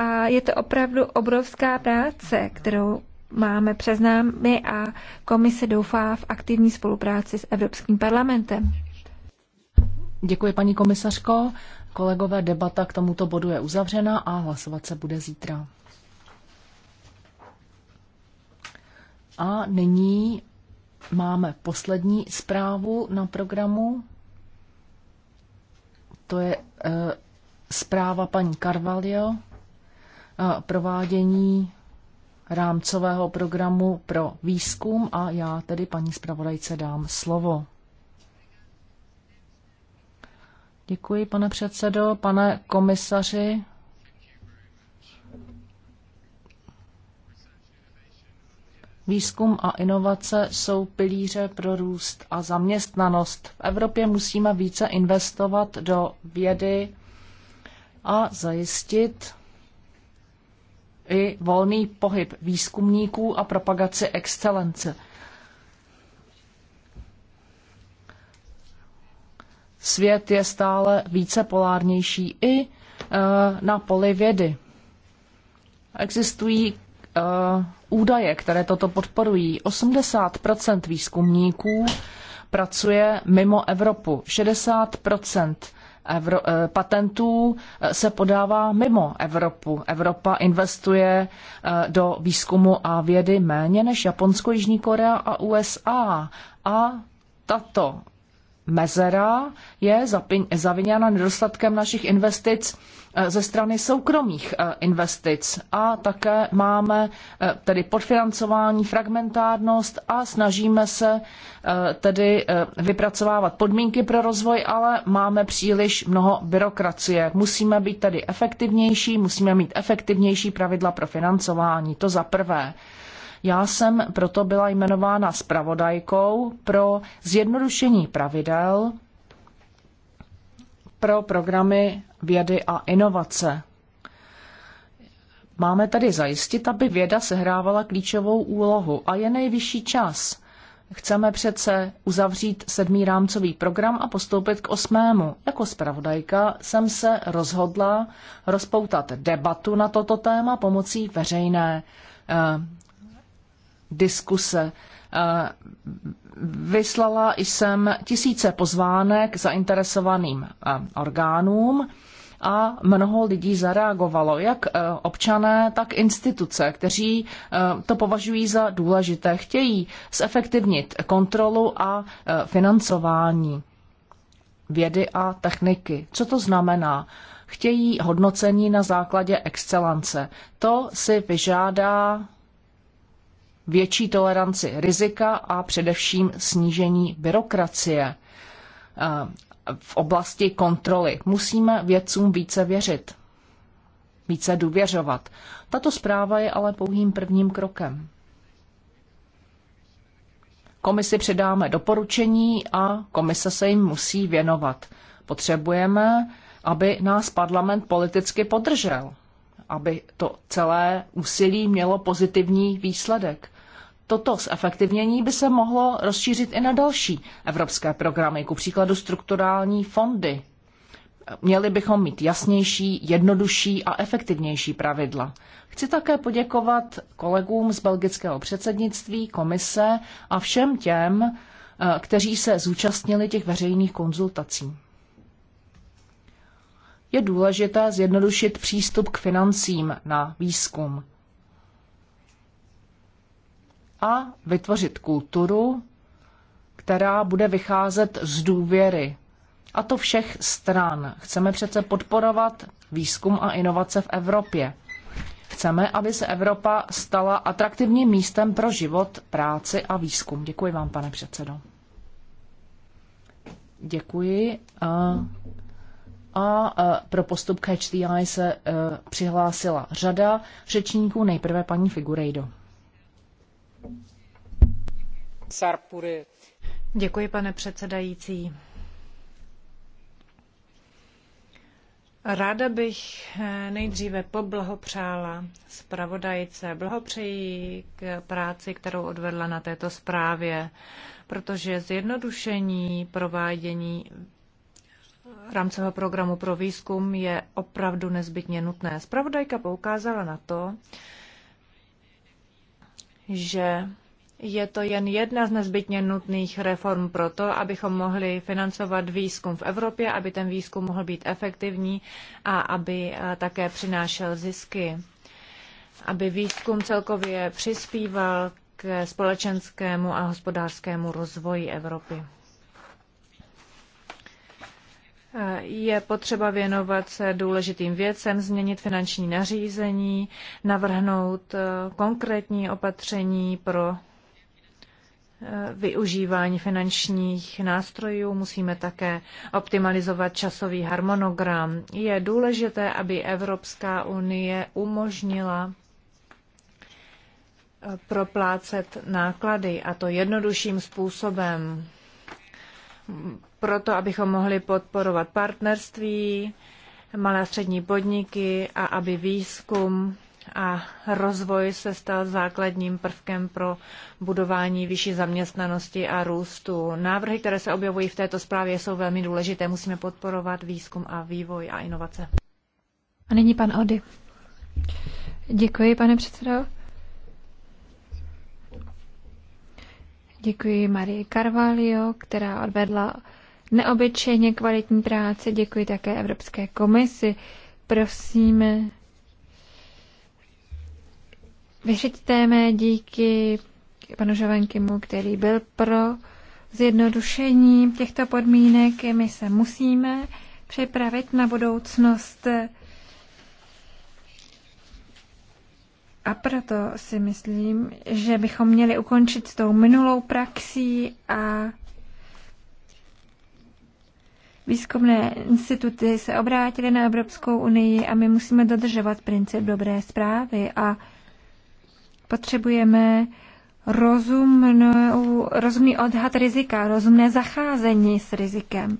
A je to opravdu obrovská práce, kterou máme přes námi a komise doufá v aktivní spolupráci s Evropským parlamentem. Děkuji, paní komisařko. Kolegové, debata k tomuto bodu je uzavřena a hlasovat se bude zítra. A nyní máme poslední zprávu na programu. To je e, zpráva paní Carvalho provádění rámcového programu pro výzkum a já tedy paní zpravodajce dám slovo. Děkuji, pane předsedo, pane komisaři. Výzkum a inovace jsou pilíře pro růst a zaměstnanost. V Evropě musíme více investovat do vědy a zajistit i volný pohyb výzkumníků a propagaci excelence. Svět je stále více polárnější i eh, na poli vědy. Existují eh, údaje, které toto podporují. 80 výzkumníků pracuje mimo Evropu, 60 Eh, patentů eh, se podává mimo Evropu. Evropa investuje eh, do výzkumu a vědy méně než Japonsko, Jižní Korea a USA. A tato mezera je zaviněna nedostatkem našich investic eh, ze strany soukromých eh, investic a také máme eh, tedy podfinancování, fragmentárnost a snažíme se tedy vypracovávat podmínky pro rozvoj, ale máme příliš mnoho byrokracie. Musíme být tedy efektivnější, musíme mít efektivnější pravidla pro financování, to za prvé. Já jsem proto byla jmenována zpravodajkou pro zjednodušení pravidel pro programy vědy a inovace. Máme tedy zajistit, aby věda sehrávala klíčovou úlohu a je nejvyšší čas. Chceme přece uzavřít sedmý rámcový program a postoupit k osmému. Jako zpravodajka jsem se rozhodla rozpoutat debatu na toto téma pomocí veřejné eh, diskuse. Eh, vyslala jsem tisíce pozvánek zainteresovaným eh, orgánům a mnoho lidí zareagovalo, jak eh, občané, tak instituce, kteří to považují za důležité. Chtějí zefektivnit kontrolu a financování vědy a techniky. Co to znamená? Chtějí hodnocení na základě excelence. To si vyžádá větší toleranci rizika a především snížení byrokracie eh, v oblasti kontroly. Musíme vědcům více věřit, více důvěřovat. Tato zpráva je ale pouhým prvním krokem. Komisi předáme doporučení a komise se jim musí věnovat. Potřebujeme, aby nás parlament politicky podržel, aby to celé úsilí mělo pozitivní výsledek toto zefektivnění by se mohlo rozšířit i na další evropské programy, ku příkladu strukturální fondy. Měli bychom mít jasnější, jednodušší a efektivnější pravidla. Chci také poděkovat kolegům z belgického předsednictví, komise a všem těm, eh, kteří se zúčastnili těch veřejných konzultací. Je důležité zjednodušit přístup k financím na výzkum a vytvořit kulturu, která bude vycházet z důvěry. A to všech stran. Chceme přece podporovat výzkum a inovace v Evropě. Chceme, aby se Evropa stala atraktivním místem pro život, práci a výzkum. Děkuji vám, pane předsedo. Děkuji. A, a, pro postup Catch the Eye se a, e, přihlásila řada řečníků, nejprve paní Figurejdo. Děkuji, pane předsedající. Ráda bych eh, nejdříve poblahopřála zpravodajce. Blahopřeji k práci, kterou odvedla na této zprávě, protože zjednodušení provádění rámcového programu pro výzkum je opravdu nezbytně nutné. Spravodajka poukázala na to, že je to jen jedna z nezbytně nutných reform pro to, abychom mohli financovat výzkum v Evropě, aby ten výzkum mohl být efektivní a aby eh, také přinášel zisky. Aby výzkum celkově přispíval k společenskému a hospodářskému rozvoji Evropy. Je potřeba věnovat se důležitým věcem, změnit finanční nařízení, navrhnout eh, konkrétní opatření pro eh, využívání finančních nástrojů. Musíme také optimalizovat časový harmonogram. Je důležité, aby Evropská unie umožnila eh, proplácet náklady a to jednodušším způsobem proto, abychom mohli podporovat partnerství, malé a střední podniky a aby výzkum a rozvoj se stal základním prvkem pro budování vyšší zaměstnanosti a růstu. Návrhy, které se objevují v této zprávě, jsou velmi důležité. Musíme podporovat výzkum a vývoj a inovace. A nyní pan Ody. Děkuji, pane předsedo. Děkuji Marie Carvalho, která odvedla neobyčejně kvalitní práci. Děkuji také Evropské komisi. Prosím, vyřiďte mé díky panu Žovenkymu, který byl pro zjednodušení těchto podmínek. My se musíme připravit na budoucnost A proto si myslím, že bychom měli ukončit s tou minulou praxí a výzkumné instituty se obrátily na Evropskou unii a my musíme dodržovat princip dobré zprávy a potřebujeme rozumnou, rozumný odhad rizika, rozumné zacházení s rizikem.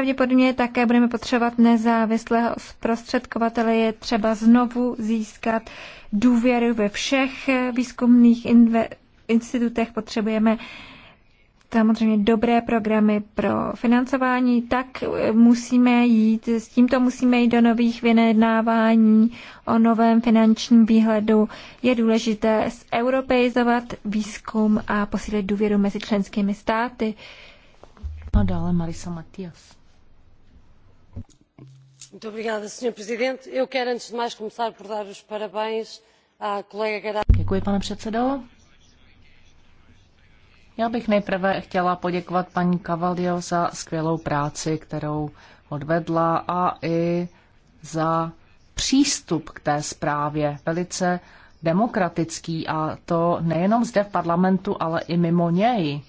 Pravděpodobně také budeme potřebovat nezávislého zprostředkovatele. Je třeba znovu získat důvěru ve všech eh, výzkumných institutech. Potřebujeme samozřejmě dobré programy pro financování, tak eh, musíme jít, s tímto musíme jít do nových vynednávání o novém finančním výhledu. Je důležité zeuropeizovat výzkum a posílit důvěru mezi členskými státy. A dále Marisa Matias. Děkuji, pane předsedo. Já bych nejprve chtěla poděkovat paní Cavalio za skvělou práci, kterou odvedla a i za přístup k té zprávě. Velice demokratický a to nejenom zde v parlamentu, ale i mimo něj.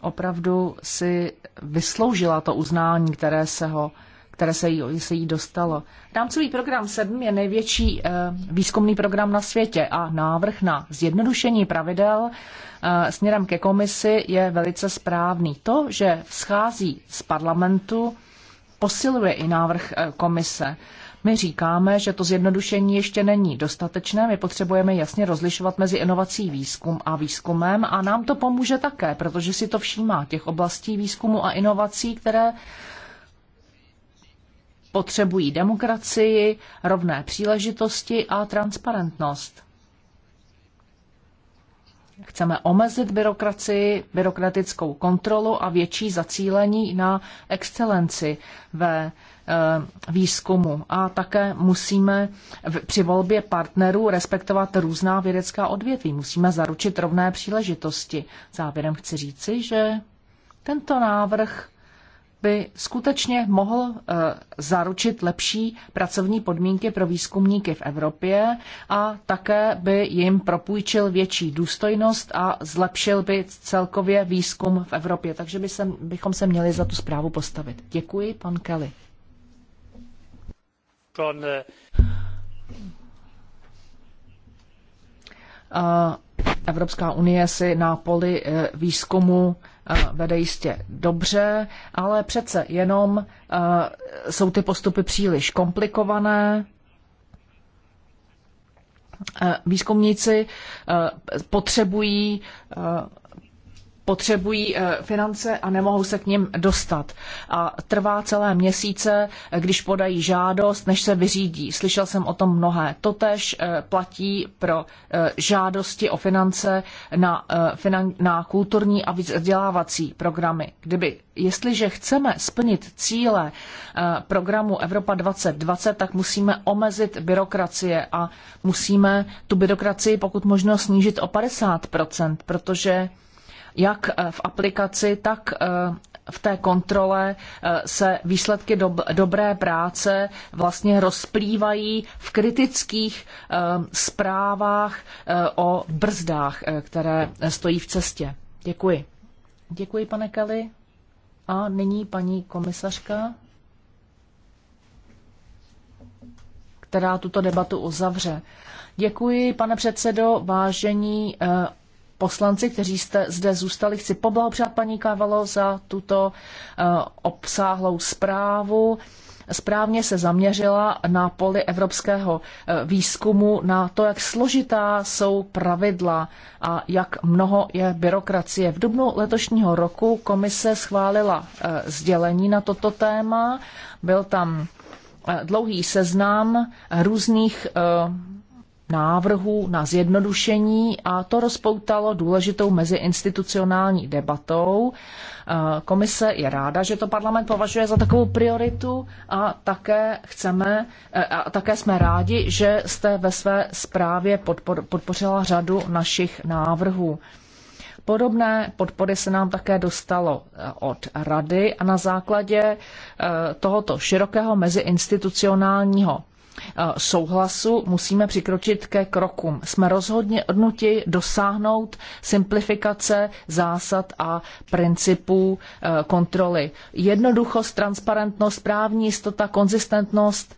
Opravdu si vysloužila to uznání, které se ho které se jí, se jí dostalo. Rámcový program 7 je největší eh, výzkumný program na světě a návrh na zjednodušení pravidel eh, směrem ke komisi je velice správný. To, že schází z parlamentu, posiluje i návrh eh, komise. My říkáme, že to zjednodušení ještě není dostatečné, my potřebujeme jasně rozlišovat mezi inovací výzkum a výzkumem a nám to pomůže také, protože si to všímá těch oblastí výzkumu a inovací, které potřebují demokracii, rovné příležitosti a transparentnost. Chceme omezit byrokracii, byrokratickou kontrolu a větší zacílení na excelenci ve eh, výzkumu. A také musíme při volbě partnerů respektovat různá vědecká odvětví. Musíme zaručit rovné příležitosti. Závěrem chci říci, že tento návrh by skutečně mohl eh, zaručit lepší pracovní podmínky pro výzkumníky v Evropě a také by jim propůjčil větší důstojnost a zlepšil by celkově výzkum v Evropě. Takže by se, bychom se měli za tu zprávu postavit. Děkuji, pan Kelly. Pan, eh, eh, Evropská unie si na poli výzkumu Eh, vede jistě dobře, ale přece jenom eh, jsou ty postupy příliš komplikované. Eh, výzkumníci potřebují potřebují eh, finance a nemohou se k ním dostat. A trvá celé měsíce, eh, když podají žádost, než se vyřídí. Slyšel jsem o tom mnohé. Totež eh, platí pro žádosti o finance na, na kulturní a vzdělávací programy. Kdyby, jestliže chceme splnit cíle programu Evropa 2020, tak musíme omezit byrokracie a musíme tu byrokracii pokud možno snížit o 50%, protože jak eh, v aplikaci, tak eh, v té kontrole eh, se výsledky dob dobré práce vlastně rozplývají v kritických zprávách o brzdách, které stojí v cestě. Děkuji. Děkuji, pane Kelly. A nyní paní komisařka, která tuto debatu uzavře. Děkuji, pane předsedo, vážení poslanci, kteří jste zde zůstali. Chci poblahopřát paní kávalo za tuto eh, obsáhlou zprávu správně se zaměřila na poli evropského eh, výzkumu, na to, jak složitá jsou pravidla a jak mnoho je byrokracie. V dubnu letošního roku komise schválila eh, sdělení na toto téma. Byl tam dlouhý seznam různých návrhů na zjednodušení a to rozpoutalo důležitou meziinstitucionální debatou. Eh, komise je ráda, že to parlament považuje za takovou prioritu a také chceme, eh, a také jsme rádi, že jste ve své zprávě podpor, podpořila řadu našich návrhů. Podobné podpory se nám také dostalo eh, od Rady a na základě tohoto širokého meziinstitucionálního Eh, souhlasu musíme přikročit ke krokům. Jsme rozhodně odnuti dosáhnout simplifikace zásad a principů eh, kontroly. Jednoduchost, transparentnost, právní jistota, konzistentnost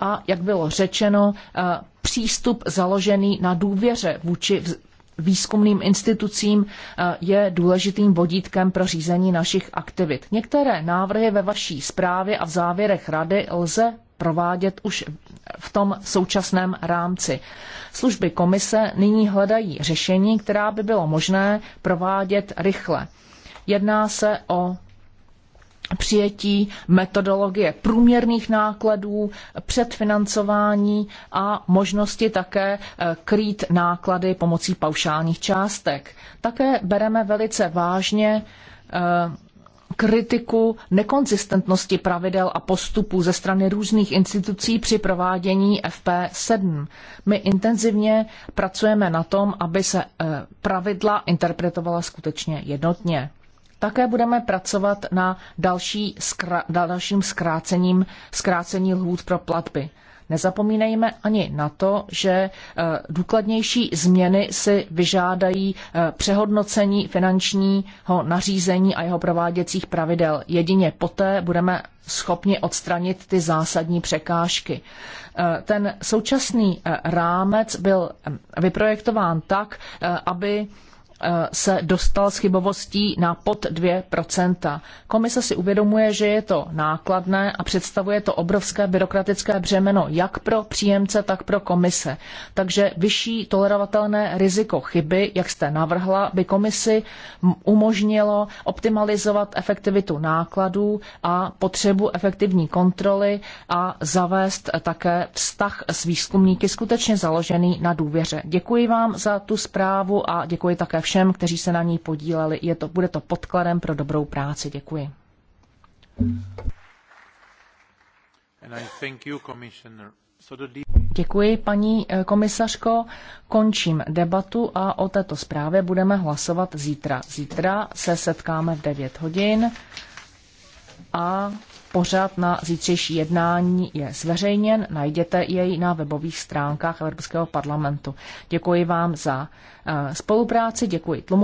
a, jak bylo řečeno, eh, přístup založený na důvěře vůči výzkumným institucím je důležitým vodítkem pro řízení našich aktivit. Některé návrhy ve vaší zprávě a v závěrech rady lze provádět už v tom současném rámci. Služby komise nyní hledají řešení, která by bylo možné provádět rychle. Jedná se o přijetí metodologie průměrných nákladů, předfinancování a možnosti také eh, krýt náklady pomocí paušálních částek. Také bereme velice vážně eh, kritiku nekonzistentnosti pravidel a postupů ze strany různých institucí při provádění FP7. My intenzivně pracujeme na tom, aby se eh, pravidla interpretovala skutečně jednotně. Také budeme pracovat na další dalším zkrácením, zkrácení lhůt pro platby. Nezapomínejme ani na to, že eh, důkladnější změny si vyžádají eh, přehodnocení finančního nařízení a jeho prováděcích pravidel. Jedině poté budeme schopni odstranit ty zásadní překážky. Eh, ten současný rámec byl vyprojektován tak, aby Eh, se dostal s chybovostí na pod 2%. Komise si uvědomuje, že je to nákladné a představuje to obrovské byrokratické břemeno jak pro příjemce, tak pro komise. Takže vyšší tolerovatelné riziko chyby, jak jste navrhla, by komisi umožnilo optimalizovat efektivitu nákladů a potřebu efektivní kontroly a zavést také vztah s výzkumníky skutečně založený na důvěře. Děkuji vám za tu zprávu a děkuji také všem všem, kteří se na ní podíleli. Je to, bude to podkladem pro dobrou práci. Děkuji. Děkuji, paní eh, komisařko. Končím debatu a o této zprávě budeme hlasovat zítra. Zítra se setkáme v 9 hodin a Pořad na zítřejší jednání je zveřejněn, najděte jej na webových stránkách Evropského parlamentu. Děkuji vám za eh, spolupráci, děkuji tlumočení.